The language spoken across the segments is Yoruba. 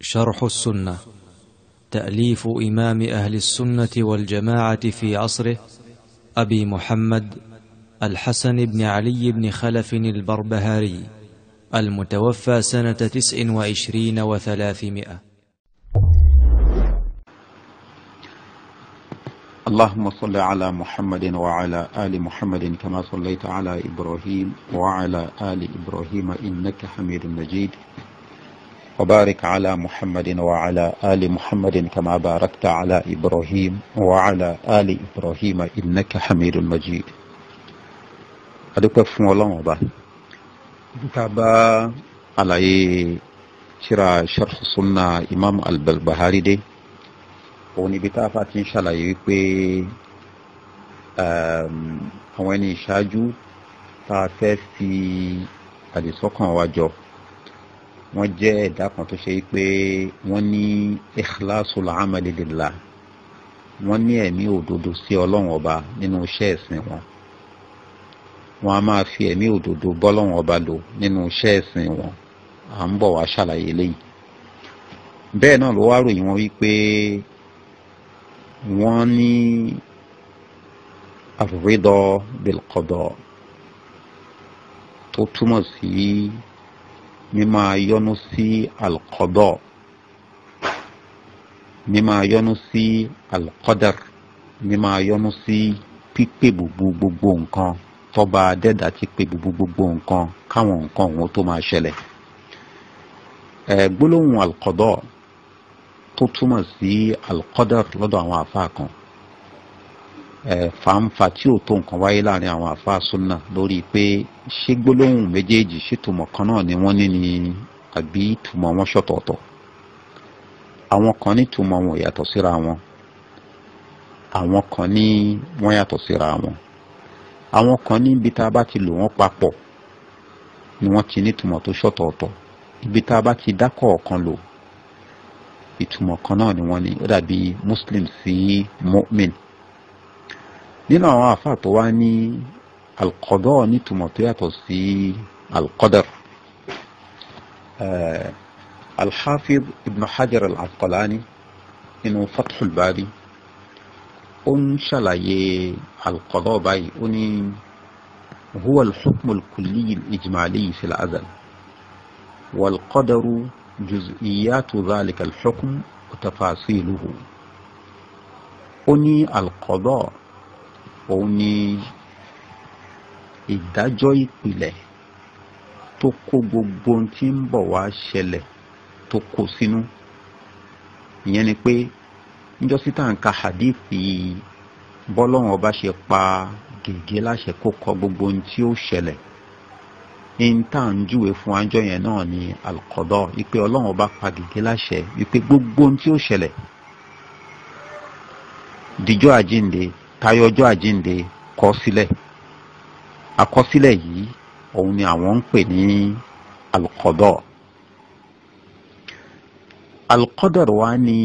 شرح السنة تأليف إمام أهل السنة والجماعة في عصره أبي محمد الحسن بن علي بن خلف البربهاري المتوفى سنة تسع وعشرين وثلاثمائة اللهم صل على محمد وعلى آل محمد كما صليت على إبراهيم وعلى آل إبراهيم إنك حميد مجيد وبارك على محمد وعلى آل محمد كما باركت على إبراهيم وعلى آل إبراهيم إنك حميد مجيد adúpẹ́ fún ọlọ́run ọba nípa bá àlàyé tírà sharh sunna imam al-Barbahari dé òun níbi tá a fa ti ń ṣàlàyé wípé àwọn ẹni ìṣáájú tá a fẹ́ fi àdìsọ́kàn wa jọ wọ́n jẹ́ ẹ̀dá kan tó ṣe pé wọ́n ní ikhlasul amali lillah wọ́n ní ẹ̀mí òdodo sí ọlọ́run ọba nínú iṣẹ́ ẹ̀sìn wọn wọ́n a máa fi ẹ̀mí òdodo bọ́lọ́run ọba lò nínú iṣẹ́ ẹ̀sìn wọn à ń bọ̀ wá ṣàlàyé lẹ́yìn bẹ́ẹ̀ náà ló wá ròyìn wọn wípé wọ́n ní àfòfídọ́ bilqada tó túmọ̀ sí. Si mímá yọnu sí alkọdọ mímá yọnu sí alkọdàr mímá yọnu sí pípé gbogbo gbogbo nǹkan tọba adẹ́dá ti pé gbogbo gbogbo nǹkan káwọn nǹkan òun tó máa ṣẹlẹ̀ ẹ gbólóhùn alkọdọ tó túmọ̀ sí alkọdàr lọ́dọ̀ àwọn àfa kan fàǹfà tí ò tó nǹkan wáyé láàrin àwọn àfáà súnà lórí pé ṣé gbólóhùn méjèèjì ṣètùmọ̀ kan náà ni wọ́n ní ni àbí ìtumọ̀ wọn ṣọ̀tọ̀ọ̀tọ̀ àwọn kan ní ìtumọ̀ wọn yàtọ̀ síra wọn àwọn kan ní wọ́n yàtọ̀ síra wọn àwọn kan ní ibi tá a bá ti lò wọ́n papọ̀ ni wọ́n ti ní ìtumọ̀ tó ṣọ̀tọ̀ọ̀tọ̀ ibi tá a bá ti dákọ̀ ọ̀kan lò ìtumọ̀ kan náà ni wọ́n ní ó dàbí muslim sí mu'min. Eh, nina wa fa to wa ni al آه الحافظ ابن حجر العسقلاني انه فتح الباري ان شاء القضاء باي اني هو الحكم الكلي الاجمالي في الازل والقدر جزئيات ذلك الحكم وتفاصيله اني القضاء òun ni ìdájọ́ ìpìlẹ̀ tó kó gbogbo ohun tí ń bọ̀ wá ṣẹlẹ̀ tó kó sínú ìyẹn ni pé níjọ́sí tá à ń ka hadith yìí bọ́lọ́run ọba ṣe pa gègé láṣẹ kó kọ gbogbo ohun tí ó ṣẹlẹ̀ ní tá à ń júwe fún ajọ́ yẹn náà ni alkọ́dọ́ wípé ọlọ́run ọba pa gègé láṣẹ wípé gbogbo ohun tí ó ṣẹlẹ̀ dìjọ́ àjíǹde tayọ ọjọ́ àjíǹde kọ sílẹ̀ àkọsílẹ̀ yìí òun ni àwọn ń pè ní alukọ́dọ̀ alukọ́dọ̀rọ̀ wa ni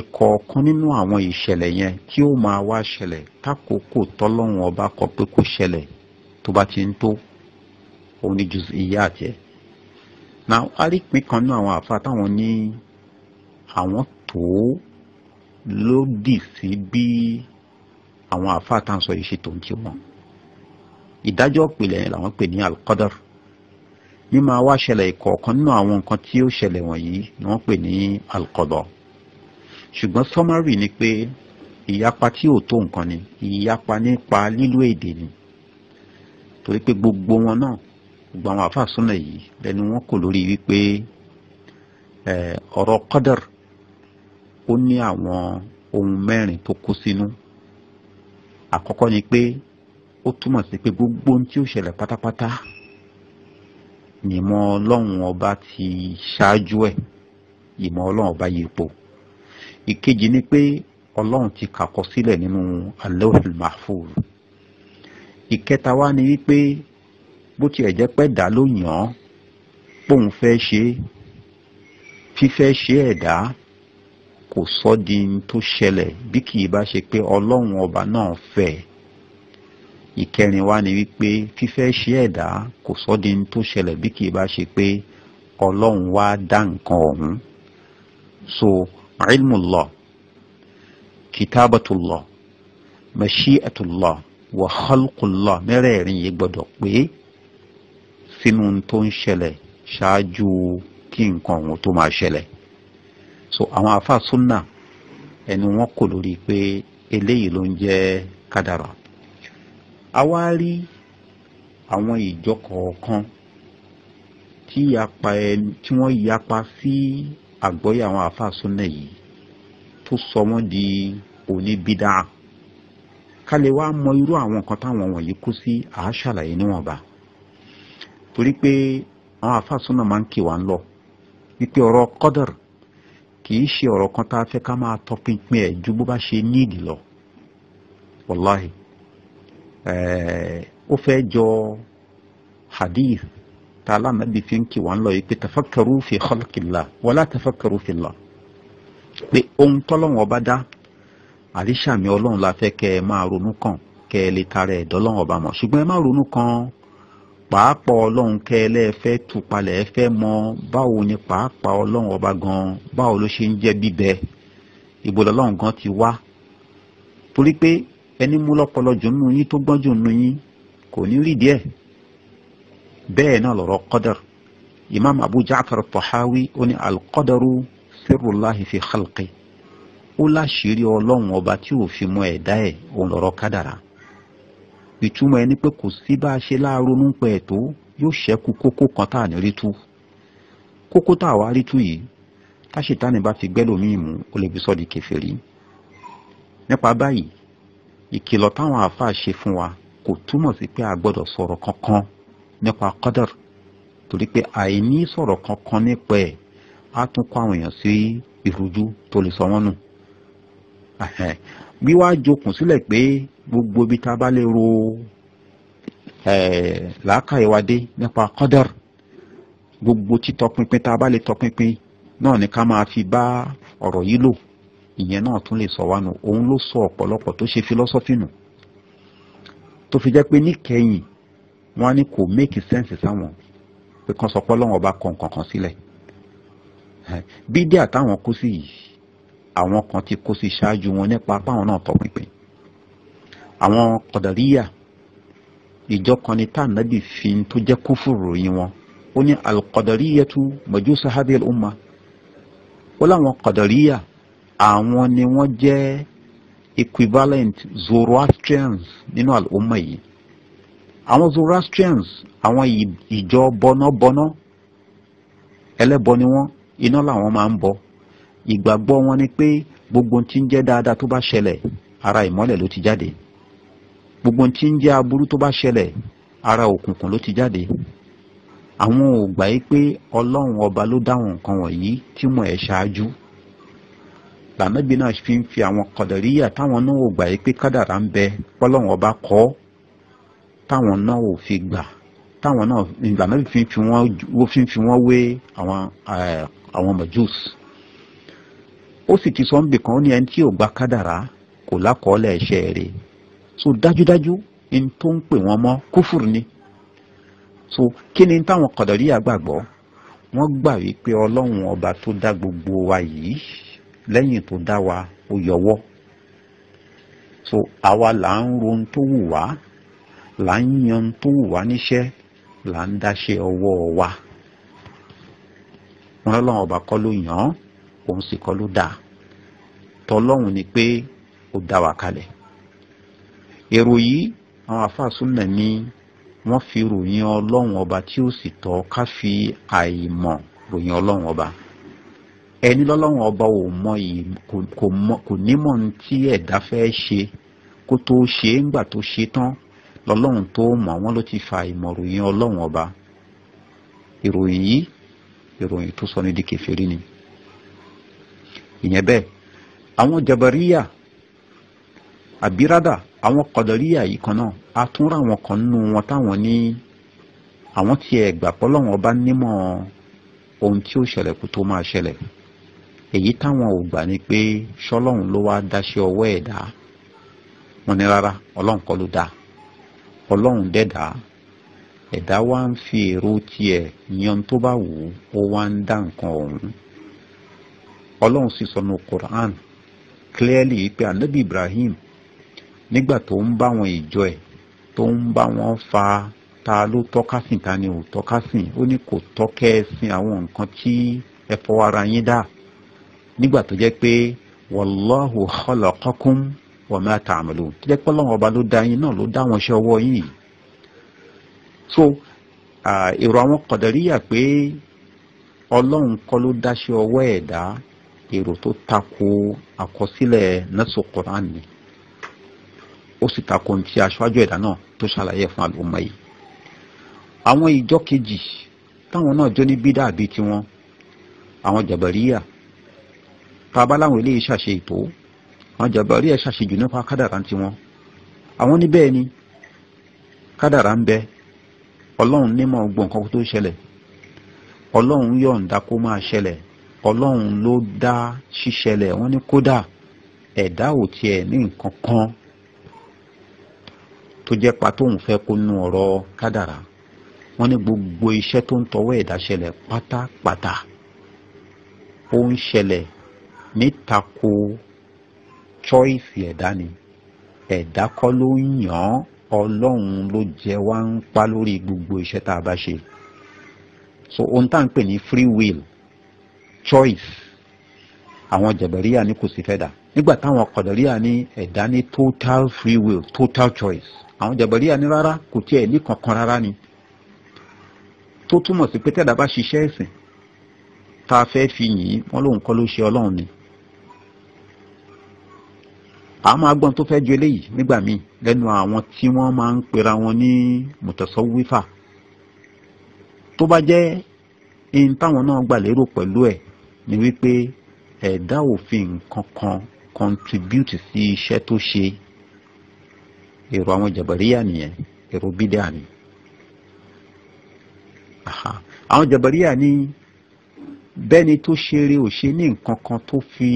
ìkọ̀ọ̀kan nínú àwọn ìṣẹ̀lẹ̀ yẹn tí ó máa wá ṣẹlẹ̀ tákòókò tọ́lọ́run ọba kọ pé kó ṣẹlẹ̀ tó bá ti ń tó òun ni jù ìyá àti ẹ̀ náà arípin kan nínú àwọn àfa táwọn ní àwọn tó lòdì sí bí àwọn àfáà tá à ń sọ yìí ṣe tó ń ti wọn ìdájọ́ ìpìlẹ̀ yẹn làwọn pè ní alqadar mímọ wá ṣẹlẹ̀ ìkọ̀ọ̀kan nínú àwọn nǹkan tí ó ṣẹlẹ̀ wọ̀nyí ni wọ́n pè ní alqada ṣùgbọ́n sọ́márì ni pé ìyapa tí ò tó nǹkan ni ìyapa nípa lílo èdè ni torí pé gbogbo wọn náà gbogbo àwọn àfáà súnà yìí lẹ́nu wọn kò lórí wípé ọ̀rọ̀ qadar ó ní àwọn ohun mẹ́rin tó kó sínú àkọ́kọ́ ni pé ó túmọ̀ sí pé gbogbo ohun tí ó ṣẹlẹ̀ pátápátá ìmọ̀ ọlọ́run ọba ti ṣáájú ẹ̀ ìmọ̀ ọlọ́run ọba yípo ìkejì ni pé ọlọ́run ti kàkọ sílẹ̀ nínú alóhùn mahfuz ìkẹta wá ni wípé bó tiẹ̀ jẹ́ pé ẹ̀dá ló yàn án póun fẹ́ ṣe fífẹ́ ṣe ẹ̀dá kò sọ di tó ṣẹlẹ̀ bí kì í bá ṣe pé ọlọ́run ọba náà fẹ́ ìkẹrin wa ni wípé fífẹ́ ṣe ẹ̀dá kò sọ di tó ṣẹlẹ̀ bí kì í bá ṣe pé ọlọ́run wá dá nǹkan ọ̀hún so ilmullah kitabatullah mashi'atullah wa khalqullah mẹ́rẹ̀ẹ̀rin yìí gbọ́dọ̀ pé sínú tó ń ṣẹlẹ̀ ṣáájú kí nǹkan ọ̀hún tó máa ṣẹlẹ̀ so àwọn afa sunna ẹnu wọn kò lórí pé eléyìí ló ń jẹ́ kádàrà a wá rí àwọn ìjọ kọ̀ọ̀kan tí yapa ẹnu tí wọ́n yapa sí àgbọ́yé àwọn afa sunna yìí tó sọ wọ́n di oníbídà ká lè wá mọ irú àwọn nǹkan táwọn wọ̀nyí kú sí àáṣàlàyé níwọ̀nba torí pé àwọn afa sunna máa ń kì wá ń lọ wípé ọ̀rọ̀ kọ́dọ̀rù kì í ṣe ọ̀rọ̀ kan tá a fẹ́ ká máa tọpinpin ẹ̀ ju bó bá ṣe níìdì lọ wàláhì ó fẹ́ jọ hadith tá a lámàbí fi ń kí wà ń lọ yìí pé tafakkaru fi khalqillah wala tafakkaru fillah pé ohun tọ́lọ́wọ́n ọba dá àríṣàmì ọlọ́run la fẹ́ kẹ́ ẹ máa ronú kàn kẹ́ ẹ lè tara ẹ̀dọ́ ọlọ́run mọ̀ ṣùgbọ́n ẹ má ronú kàn pàápàá ọlọ́run kẹ́lẹ́ fẹ́ tù palẹ̀ ẹ fẹ́ mọ báwo ni pàápàá ọlọ́run ọba gan-an báwo ló ṣe ń jẹ́ bíbẹ ìbò lọ́lọ́run gan ti wá torí pé ẹni mú lọ́pọlọ jù nínú yín tó gbọ́n nínú yín kò ní rí díẹ̀ bẹ́ẹ̀ náà lọ̀rọ̀ qadar imam abu ja'far tahawi ó ní alqadaru sirrullahi fi khalqi ó láṣìírí ọlọ́run ọba tí ò mọ ẹ̀dá ẹ̀ òun lọ̀rọ̀ kádàrà ìtumọ̀ ẹni pé kò sí bá a ṣe láàrúnú pẹ̀ tó yóò ṣẹ́kù kókó kan tá à ní rí tú kókó tá à wá rí tú yìí táṣetánì bá ti gbẹ́lòmíì mú ó lè fi sọ́ di kèfèrí nípa báyìí ìkìlọ̀ táwọn àáfàá ṣe fún wa kò túmọ̀ sí pé a gbọ́dọ̀ sọ̀rọ̀ kankan nípa kọ́dọ̀r torí pé àìní sọ̀rọ̀ kankan nípa ẹ̀ á tún kó àwọn èèyàn sí ìrújú tó lè sọ wọ́n nù wíwá jokùn sílẹ̀ pé gbogbo ibi tá a bá lè ro làákàyè wa dé nípa kọ́dọ̀r gbogbo títọpinpin tá a bá lè tọpinpin náà ni ká máa fi bá ọ̀rọ̀ yìí lò ìyẹn náà tún lè sọ wá nù òun ló sọ ọ̀pọ̀lọpọ̀ tó ṣe fílọ́sọ́fì nù tó fi jẹ́ pé níkẹyìn wọ́n á kò make sense sáwọn pé kan sọ pé ọlọ́run ọba kọ̀ọ̀kan kan sílẹ̀ bídíà táwọn kó sí yìí àwọn kan ti kó sí ṣáájú wọn nípa apá àwọn náà tọpinpin àwọn kọ̀dàríyà ìjọ kan ní tá ànábì fi tó jẹ́ kúfùrù ròyìn wọn ó ní alkọ̀dàríyàtu majusa hadhihi al-umma ó láwọn kọ̀dàríyà àwọn ni wọ́n jẹ́ equivalent zoroastrians nínú al-umma yìí àwọn zoroastrians àwọn ìjọ bọnábọná ẹlẹ́bọ ni wọ́n iná làwọn máa ń bọ ìgbàgbọ́ wọn ni pé gbogbo tí ń jẹ́ dáadáa tó bá ṣẹlẹ̀ ara ìmọ́lẹ̀ ló ti jáde gbogbo tí ń jẹ́ aburú tó bá ṣẹlẹ̀ ara òkùnkùn ló ti jáde àwọn ò gbà yí pé ọlọ́run ọba ló dáhùn nǹkan wọ̀nyí tí mo ẹ̀ ṣáájú lànàbí náà fi ń fi àwọn kọ̀dọ̀ríyà táwọn náà ò gbà yí pé kádàrá ń bẹ pọ́lọ́run ọba kọ́ táwọn náà ò fi gbà táwọn náà lànàbí fi ń fi wọ́n wé àwọn eh, mọ̀júùsì ó sì ti sọ ń bì kan ó ní ẹni tí ò gba kádàrá kò lákọọ́lẹ̀ ẹ̀ṣẹ̀ rẹ̀ so dájúdájú ní tó ń pè wọ́n mọ́ kúfùrù ni so kí ni táwọn kọ̀dọ̀ríyà gbàgbọ́ wọ́n gbà wípé ọlọ́run ọba tó dá gbogbo wa yìí lẹ́yìn tó dá wa ó yọwọ́ so àwa là ń ron tó wù wá là ń yan tó wù wá níṣẹ́ là ń dáṣe ọwọ́ wa wọn lọ́lọ́run ọba kọ́ ló yàn án òun sì kọ́ ló dáa tọlọ́hun ni pé ó dá wa kalẹ̀ èrò yìí àwọn afáàsúnà ni wọ́n fi ròyìn ọlọ́run ọba tí ó sì tọ́ ká fi àìmọ̀ ròyìn ọlọ́run ọba ẹni lọ́lọ́run ọba ò mọ kò nímọ̀ tí ẹ̀dá fẹ́ ṣe kó tó ṣe é ńgbà tó ṣe tán lọ́lọ́run tó mọ̀ wọ́n ló ti fa àìmọ̀ ròyìn ọlọ́run ọba ìròyìn yìí ìròyìn tó sọ ní di kèfèrí ni ìyẹn bẹ́ẹ̀ àwọn jabaríyà àbírádà àwọn kọ̀dọ̀ríyà yìí kan náà a tún rà wọn kan nínú wọn táwọn ní àwọn tiẹ̀ gbà pọ́lọ́wọ́n ọba nímọ̀ ohun tí ó ṣẹlẹ̀ kó tó máa ṣẹlẹ̀ èyí táwọn ò gbà ni pé ṣọlọ́run ló wá dáṣẹ́ ọwọ́ ẹ̀dá wọn ní rárá ọlọ́run kọ́ ló dá ọlọ́run dẹ́dá ẹ̀dá wa ń fi èrò tiẹ̀ yan tó bá wù ú ó wá ń dá nǹkan ọ̀hún ọlọ́run sì sọnù Quran clearly pé anabi Ibrahim nígbà tó ń bá wọn ìjọ ẹ̀ tó ń bá wọn fa ta ló tọ́kásìn ta ni ò tọ́kásìn ó ní kò tọ́kẹ́ sin àwọn nǹkan tí ẹ fọwọ́ ara yín dá nígbà tó jẹ́ pé wallahu khalaqakum wa ma ta'malun tó jẹ́ pé ọlọ́run ọba ló dá yín náà ló dá wọn iṣẹ́ ọwọ́ yín so èrò àwọn Qadariyya pé ọlọ́run kọ́ ló dáṣẹ́ ọwọ́ ẹ̀dá èrò tó tako àkọsílẹ̀ nẹ́sọ̀ Quran ni ó sì tako ní ti aṣáájú ẹ̀dá náà tó ṣàlàyé fún àlùmọ́ yìí àwọn ìjọ kejì táwọn náà jó ní bídà àbí tiwọn àwọn jàbàríyà tàbá láwọn eléyìí ṣàṣe ètò àwọn jàbàríyà ṣàṣejù nípa kádàrà ń tiwọn àwọn níbẹ̀ ni kádàrà ń bẹ ọlọ́run nímọ̀ gbọ̀n kan tó ṣẹlẹ̀ ọlọ́run yọ̀ǹda kó máa ṣẹlẹ̀ ọlọ́run ló dá ṣíṣẹlẹ̀ wọ́n ní kódà ẹ̀dá ò tiẹ̀ ní nǹkan kan tó jẹ́ pa tóun fẹ́ kó nu ọ̀rọ̀ kádàrá wọ́n ní gbogbo iṣẹ́ tó ń tọwọ́ ẹ̀dá ṣẹlẹ̀ pátápátá ó ń ṣẹlẹ̀ nítako choice ẹ̀dá ni ẹ̀dá kọ́ ló ń yàn án ọlọ́run ló jẹ wá ń pa lórí gbogbo iṣẹ́ tá a bá ṣe so ohun tá à ń pè ní free will choice àwọn jàbẹ̀ríyà ní kò sí fẹ́ dà nígbà táwọn kọ̀dọ̀ríyà ní ẹ̀dá ní total free will total choice àwọn jàbẹ̀ríyà ní rárá kò tiẹ̀ ní kankan rárá ni tó túmọ̀ sí pé tẹ́dá bá ṣiṣẹ́ ẹ̀sìn tá a fẹ́ fi yìn wọ́n lóun kọ́ ló ṣe ọlọ́run ni àwọn agbọ́n tó fẹ́ ju eléyìí nígbà míì lẹ́nu àwọn tí wọ́n máa ń pera wọn ní mutasawwifa tó bá jẹ́ ihun táwọn náà gbà lérò pẹ̀lú ẹ̀ ni wípé ẹ̀dá òfin nǹkan contribute sí iṣẹ́ tó ṣe èrò àwọn jàbàríyà nìyẹn èrò bídà ni àwọn jàbàríyà ni bẹ́ni tó ṣeré ò ṣe ní nǹkan kan tó fi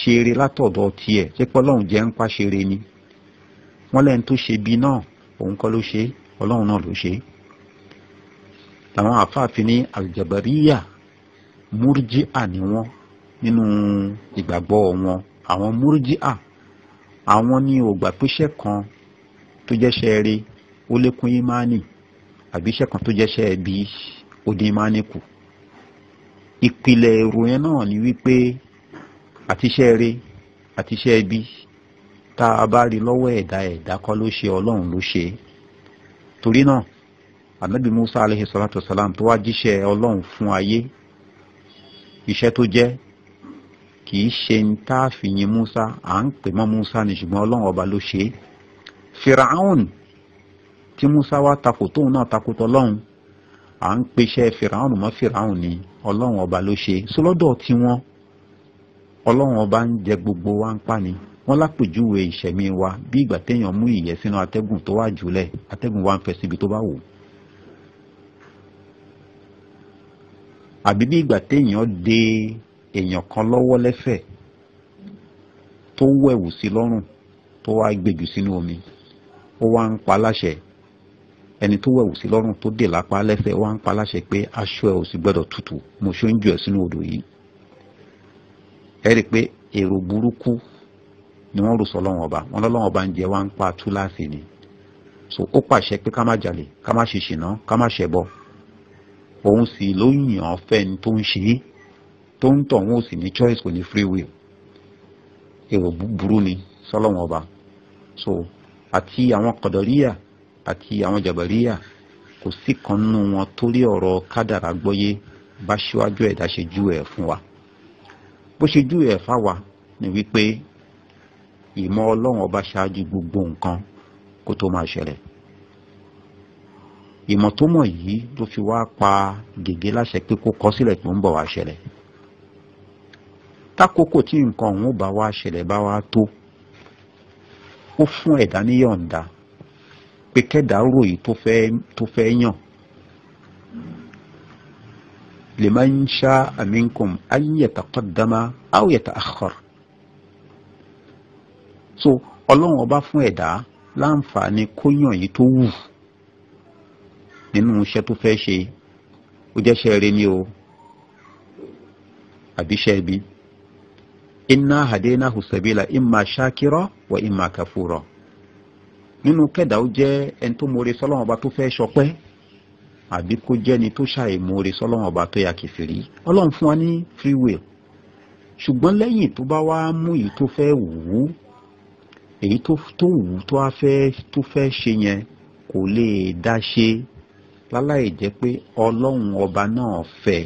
ṣeré látọ̀dọ̀ tiẹ̀ ṣé pọ́lọ́hún jẹ́ ń pa ṣeré ni wọ́n lẹ́ni tó ṣe bí náà òun kọ́ ló ṣe ọlọ́run náà ló ṣe làwọn àfáàfin ní àjàbàríyà múrjíà ni wọ́n nínú ìgbàgbọ́ wọn àwọn múrjíà àwọn ni ò gbà péṣẹ́ kan tó jẹ́ṣẹ́ rí ó lékún ìmánì àbí iṣẹ́ kan tó jẹ́ṣẹ́ bí òde ìmánì kù ìpìlẹ̀ èrò yẹn náà ni wípé àtiṣẹ́ rí àtiṣẹ́ bí tá a bá rí lọ́wọ́ ẹ̀dá ẹ̀dá kọ́ ló ṣe ọlọ́run ló ṣe torí náà ànábì Musa alayhi salatu wasalam tó wá jíṣẹ́ ọlọ́run fún ayé iṣẹ́ tó jẹ́ kì í ṣe ń tá a fi yin musa à ń pè mọ́ musa ni ṣùgbọ́n ọlọ́run ọba ló ṣe é firaun tí musa wá takò tóun náà takò tọlọ́run à ń peṣẹ́ firaun mọ́ firaun ni ọlọ́run ọba ló ṣe é sọlọ́dọ̀ tí wọ́n ọlọ́run ọba ń jẹ gbogbo wa ń pa ni wọ́n lápèjúwe ìṣẹ̀mí wa bí ìgbà téèyàn mú ìyẹ́ sínú atẹ́gùn tó wà jùlẹ̀ atẹ́gùn wa ń fẹ́ síbi tó bá wù ú. àbí bí ìgbà téèyàn de èèyàn kan lọ́wọ́ lẹ́sẹ̀ tó wẹ̀wù sí lọ́rùn tó wá gbèjù sínú omi ó wá ń pa láṣẹ ẹni tó wẹ̀wù sí lọ́rùn tó dè lápá lẹ́sẹ̀ wá ń pa láṣẹ pé aṣọ ẹ̀ ò sì gbọ́dọ̀ tutù mo ṣó ń jù ẹ́ sínú odò yìí ẹ rí i pé èrò burúkú ni wọ́n rò sọ lọ́wọ́n ọba wọn lọ́wọ́n ọba ń jẹ wá ń pa túláàsì ni so ó pàṣẹ pé ká má jalè ká má ṣe ṣìnà ká má ṣẹbọ òun sì ló yàn án fẹ́ni tó ń ṣe é tó ń tọ̀ òun ò sì ní choice kò ní free will èrò burú ni sọlọ́wọ́n ọba so àti àwọn kọ̀dọ̀ríyà àti àwọn jàbàríyà kò sí kan nínú wọn torí ọ̀rọ̀ kádàrá gbọ́yé bá ṣíwájú ẹ̀dá ṣe jú ẹ̀ fún wa bó ṣe jú ẹ̀ fáwa ni wípé ìmọ̀ ọlọ́run ọba ṣáájú gbogbo nǹkan kó tó máa ṣẹlẹ̀ ìmọ̀ tó mọ̀ yìí ló fi wá pa gègé láṣẹ pé kó kọ sílẹ̀ tó ń bọ̀ wá ṣẹlẹ̀ tákòókò tí nǹkan ọ̀hún bá wá ṣẹlẹ̀ bá wá tó ó fún ẹ̀dá níyọ̀ǹda pé kẹ́dà ròyìn tó fẹ́ tó fẹ́ yàn liman sha'a minkum an yataqaddama aw yata'akhkhar so ọlọ́run ọba fún ẹ̀dá láǹfààní kó yàn yìí tó wù nínú iṣẹ́ tó fẹ́ ṣe ó jẹ́ iṣẹ́ rere ni o àbí iṣẹ́ ibi inna hadaynahu sabila imma shakira wa imma kafura nínú kẹ́dà ó jẹ́ ẹni tó mọ̀ọ́re sọ́lọ́wọ́n ọba tó fẹ́ ṣọpẹ́ àbí kó jẹ́ni tó ṣàìmọ̀ọ́re sọ́lọ́wọ́n ọba tó yà kìfìrí ọlọ́run fún wa ní free will ṣùgbọ́n lẹ́yìn tó bá wá mú èyí tó fẹ́ wù ú èyí tó wù ú tó fẹ́ ṣe yẹn kò lè dá ṣe láláì jẹ́ pé ọlọ́run ọba náà fẹ́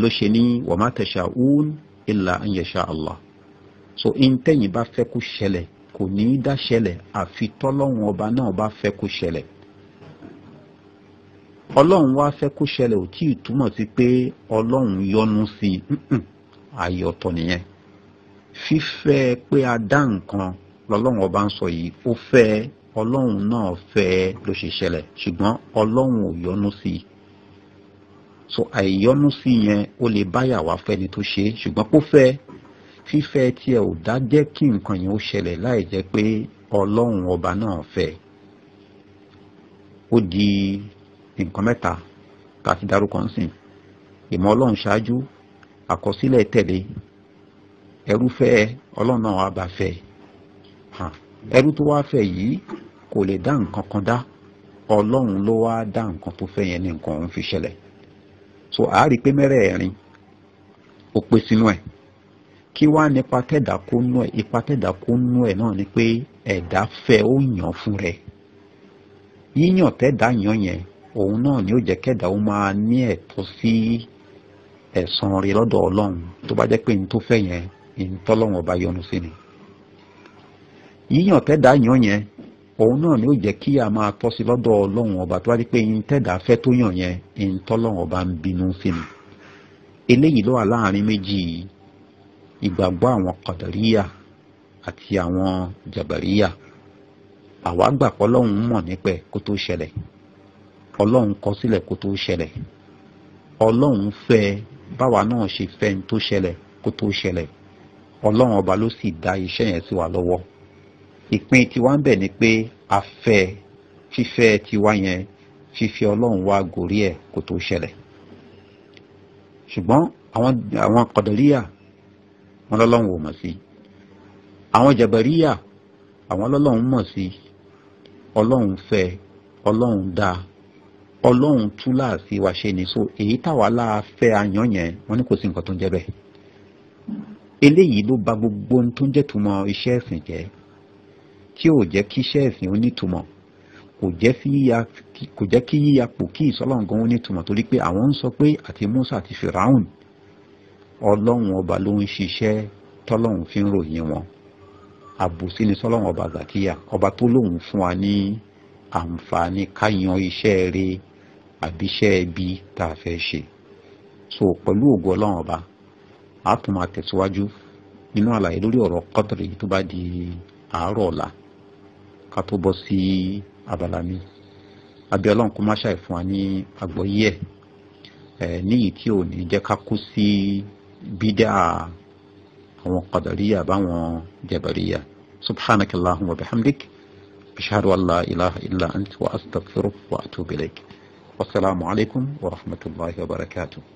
ló ṣe ní wàmá tẹ̀sà ún ìlà ìyẹ̀ṣà Allah so intẹ́yìn bá fẹ́ kó ṣẹlẹ̀ kò ní í dá ṣẹlẹ̀ àfi tọ́lọ́run ọba náà bá fẹ́ kó ṣẹlẹ̀ ọlọ́run wá fẹ́ kó ṣẹlẹ̀ ò tí ì túmọ̀ sí pé ọlọ́run yọ́nú sí i ààyè ọ̀tọ̀ nìyẹn fífẹ́ pé a dá nǹkan lọ́lọ́run ọba ń sọ yìí ó fẹ́ ọlọ́run náà fẹ́ ló ṣe ṣẹlẹ̀ ṣùgbọ́n ọlọ́run ò yọ́nú sí i so àìyọ́nú sí yẹn ó lè báyà wá fẹ́ni tó ṣe ṣùgbọ́n kó fẹ́ fífẹ́ tiẹ̀ ò dá jẹ́ kí nǹkan yẹn ó ṣẹlẹ̀ láì jẹ́ pé ọlọ́run ọba náà fẹ́ ó di nǹkan mẹ́ta tá a ti dárúkọ ń sìn ìmọ̀ ọlọ́run ṣáájú àkọsílẹ̀ tẹ̀lé ẹrú ọlọ́run náà wá bá fẹ́ ẹrú tó wá fẹ́ yìí kò lè dá nǹkan kan dá ọlọ́run ló wá dá nǹkan tó fẹ́ yẹn ní nǹkan fi ṣẹlẹ̀ so àárí pé mẹ́rẹ̀ẹ̀rin ó pé sínú ẹ̀ kí wá nípa tẹ̀dá kó nú ẹ̀ ipa tẹ̀dá kó nú ẹ̀ náà ni pé ẹ̀dá fẹ́ ó yàn fún yíyàn yàn yẹn òun náà ni ó jẹ́ ní ẹ̀tọ́ sí yẹn ọba sí ni yíyàn yàn òun náà ni ó jẹ́ kí a máa tọ́ sí lọ́dọ̀ ọlọ́run ọba tó wá di pé yín tẹ̀dá fẹ́ tó yàn yẹn yín tọ́lọ́run ọba ń bínú sí mi eléyìí ló wà láàrin méjì ìgbàgbọ́ àwọn kọ̀dọ̀ríyà àti àwọn jàbàríyà àwa gbà pé ọlọ́run mọ̀ nípa ẹ̀ kó tó ṣẹlẹ̀ ọlọ́run kọ sílẹ̀ kó tó ṣẹlẹ̀ ọlọ́run fẹ́ báwa náà ṣe fẹ́ tó ṣẹlẹ̀ kó tó ṣẹlẹ̀ ọlọ́run ọba ló sì dá iṣẹ́ yẹn sí wa lọ́wọ́ ìpín tiwa ń bẹ̀ ni pé a fẹ́ fífẹ́ tiwa yẹn fífi ọlọ́run wá gòrí ẹ̀ kó tó ṣẹlẹ̀ ṣùgbọ́n àwọn àwọn kọ̀dọ̀líyà wọn lọ́lọ́run ò mọ̀ sí àwọn jàbàríyà àwọn lọ́lọ́run mọ̀ sí ọlọ́run fẹ́ ọlọ́run dá ọlọ́run tú láàsí wa ṣe ni so èyí táwa láà fẹ́ àyàn yẹn wọn ní kò sí nǹkan tó ń jẹ́ bẹ́ẹ̀ eléyìí ló bà gbogbo ohun tó ń jẹ́ túmọ̀ iṣẹ́ ẹ̀sìn jẹ́ tí ò jẹ́ kí iṣẹ́ ẹ̀sìn ó nítumọ̀ kò jẹ́ kí yíyapò kí ìsọ́lọ́ǹgan ó nítumọ̀ torí pé àwọn ń sọ pé àti Musa àti Firaun ọlọ́run ọba ló ń ṣiṣẹ́ tọ́lọ́run fi ń ròyìn wọn àbòsí ni sọ́lọ́run ọba gbàkíyà ọba tó lóun fún wa ní àǹfààní káyan iṣẹ́ rẹ̀ àbí iṣẹ́ ẹbí tá a fẹ́ ṣe so pẹ̀lú ògo ọlọ́run ọba a tún máa tẹ̀síwájú nínú àlàyé lórí ọ̀rọ̀ kọ́tìrì tó bá di àárọ̀ ọ̀la ká tó bọ́ sí abala mi abẹ́ ọlọ́run kó má ṣàì fún wa ní àgbọ́yé ẹ̀ níyì tí ò ní jẹ́ ká kú sí bídà àwọn qadariya báwọn jabariya subhanakallahumma wa bihamdik ashhadu an ilaha illa ant wa astaghfiruka wa atubu ilayk wa rahmatulahi wa barakatuh.